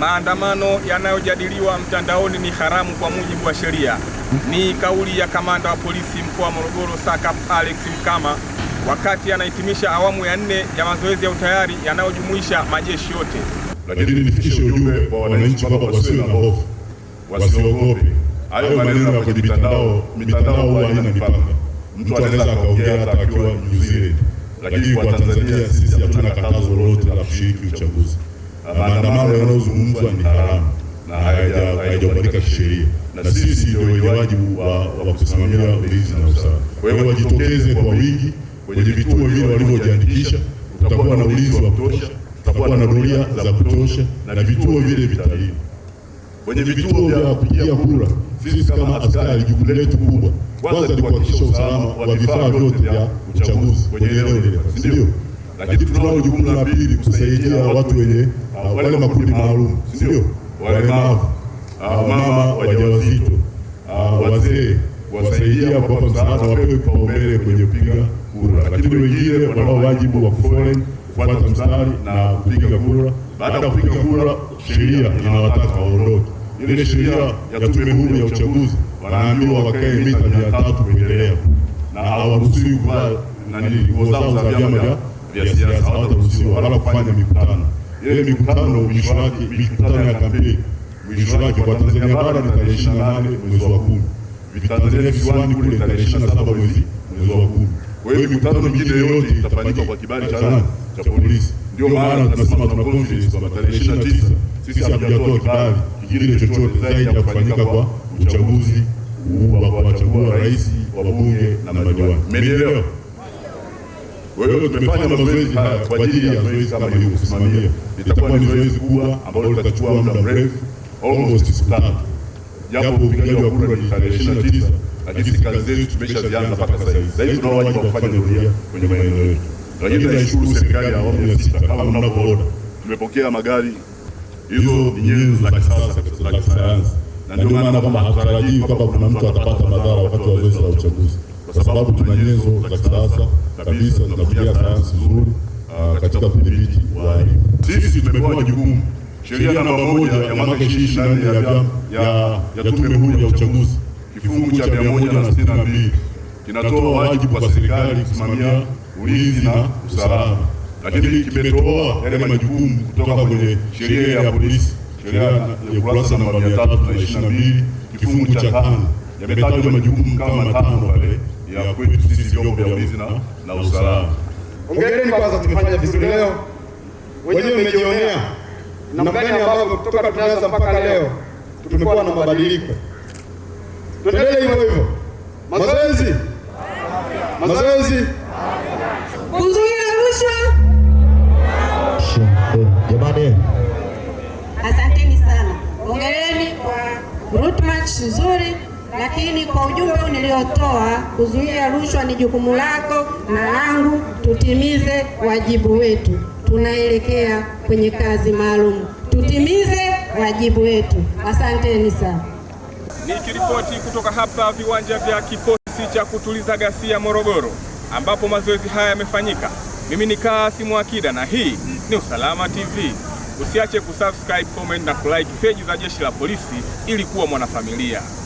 maandamano yanayojadiliwa mtandaoni ni haramu kwa mujibu wa sheria. Ni kauli ya kamanda wa polisi mkoa wa Morogoro SACP Alex Mkama wakati anahitimisha awamu ya nne ya mazoezi ya utayari yanayojumuisha majeshi yote. Lakini nifikishe ujumbe kwa wananchi kwamba wasiwe na hofu, wasiogope. Hayo maneno ya kwenye mitandao, mitandao huwa haina mipaka. Mtu anaweza akaongea hata akiwa New Zealand, lakini kwa Tanzania sisi hatuna katazo lolote la kushiriki uchaguzi na maandamano yanayozungumzwa ni haramu na hayajakubalika kisheria, na sisi ndio wenye wajibu wa kusimamia ulinzi na usalama. Kwa hiyo wajitokeze kwa wingi kwenye vituo vile walivyojiandikisha, tutakuwa na ulinzi wa kutosha, tutakuwa na doria za kutosha na vituo vile vitalindwa. Kwenye vituo vya kupigia kura, sisi kama askari, jukumu letu kubwa kwanza ni kuhakikisha usalama wa vifaa vyote vya uchaguzi kwenye eneo lile, si ndio? lakini tunao jukumu la pili kusaidia watu wenye ah, wale makundi maalum, si ndio? Walemavu, ah, ah, mama wajawazito, wazee, kuwasaidia kuwapa msaada, wapewe kipaumbele kwenye kupiga kura, lakini wengine wanao wajibu wa kufoleni kufuata mstari na kupiga kura. Baada ya kupiga kura, sheria inawataka waondoke. Ile sheria ya Tume Huru ya Uchaguzi wanaambiwa wakae mita mia tatu kuendelea, na hawaruhusiwi kuvaa nani nguo zao za vyama vya vya siasa hata usio wala kufanya mikutano. Ile mikutano mwisho wake, mikutano ya kampeni mwisho wake kwa Tanzania bara ni tarehe 28 mwezi wa 10, Tanzania visiwani kule tarehe 27 mwezi mwezi wa 10. Kwa hiyo mikutano mingine yote itafanyika kwa kibali cha cha polisi. Ndio maana tunasema tuna confidence kwamba tarehe 29 sisi hatujatoa kibali kingine chochote zaidi ya kufanyika kwa uchaguzi huu wa kuwachagua rais, wabunge na madiwani. Mmenielewa? Kwa hiyo tumefanya mazoezi haya kwa ajili ya zoezi kama hili kusimamia. Itakuwa ni zoezi kubwa ambalo litachukua muda mrefu almost siku tatu, japo upigaji wa kura ni tarehe ishirini na tisa lakini kazi zetu tumeshazianza mpaka sasa hivi. Sasa hivi tuna wajibu wa kufanya doria kwenye maeneo yetu, lakini naishukuru serikali ya awamu ya sita, kama mnavyoona tumepokea magari, hizo ni nyenzo za kisasa za kisayansi, na ndio maana kwamba hatutarajii kwamba kuna mtu atapata madhara wakati wa zoezi la uchaguzi kwa sababu tuna nyenzo za kisasa kabisa zinatumia sayansi nzuri ah, katika kudhibiti uhalifu. Sisi tumepewa jukumu sheria namba moja ya mwaka ishirini na nne ya Tume Huru ya Uchaguzi kifungu cha mia moja na sitini na mbili kinatoa wajibu kwa serikali kusimamia ulinzi na usalama, lakini kimetoa yale majukumu kutoka kwenye sheria ya polisi, sheria ya kurasa namba mia tatu na ishirini na mbili kifungu cha tano yametajwa majukumu kama matano pale ya kwetu sisi vyombo vya ulinzi na, na usalama. Hongereni kwanza, tumefanya vizuri leo, wenyewe mmejionea namna gani ambavyo kutoka tunaanza mpaka leo tumekuwa na mabadiliko. Tuendelee hivyo hivyo, mazoezi mazoezi kuzuia rushwa. asanteni sana, hongereni kwa route march nzuri lakini kwa ujumbe huu niliotoa, kuzuia rushwa ni jukumu lako na langu, tutimize wajibu wetu. Tunaelekea kwenye kazi maalum, tutimize wajibu wetu. Asanteni sana. Nikiripoti kutoka hapa viwanja vya kikosi cha kutuliza ghasia Morogoro, ambapo mazoezi haya yamefanyika. Mimi ni Kassim Akida na hii ni Usalama TV. Usiache kusubscribe, comment na kulike peji za Jeshi la Polisi ili kuwa mwanafamilia.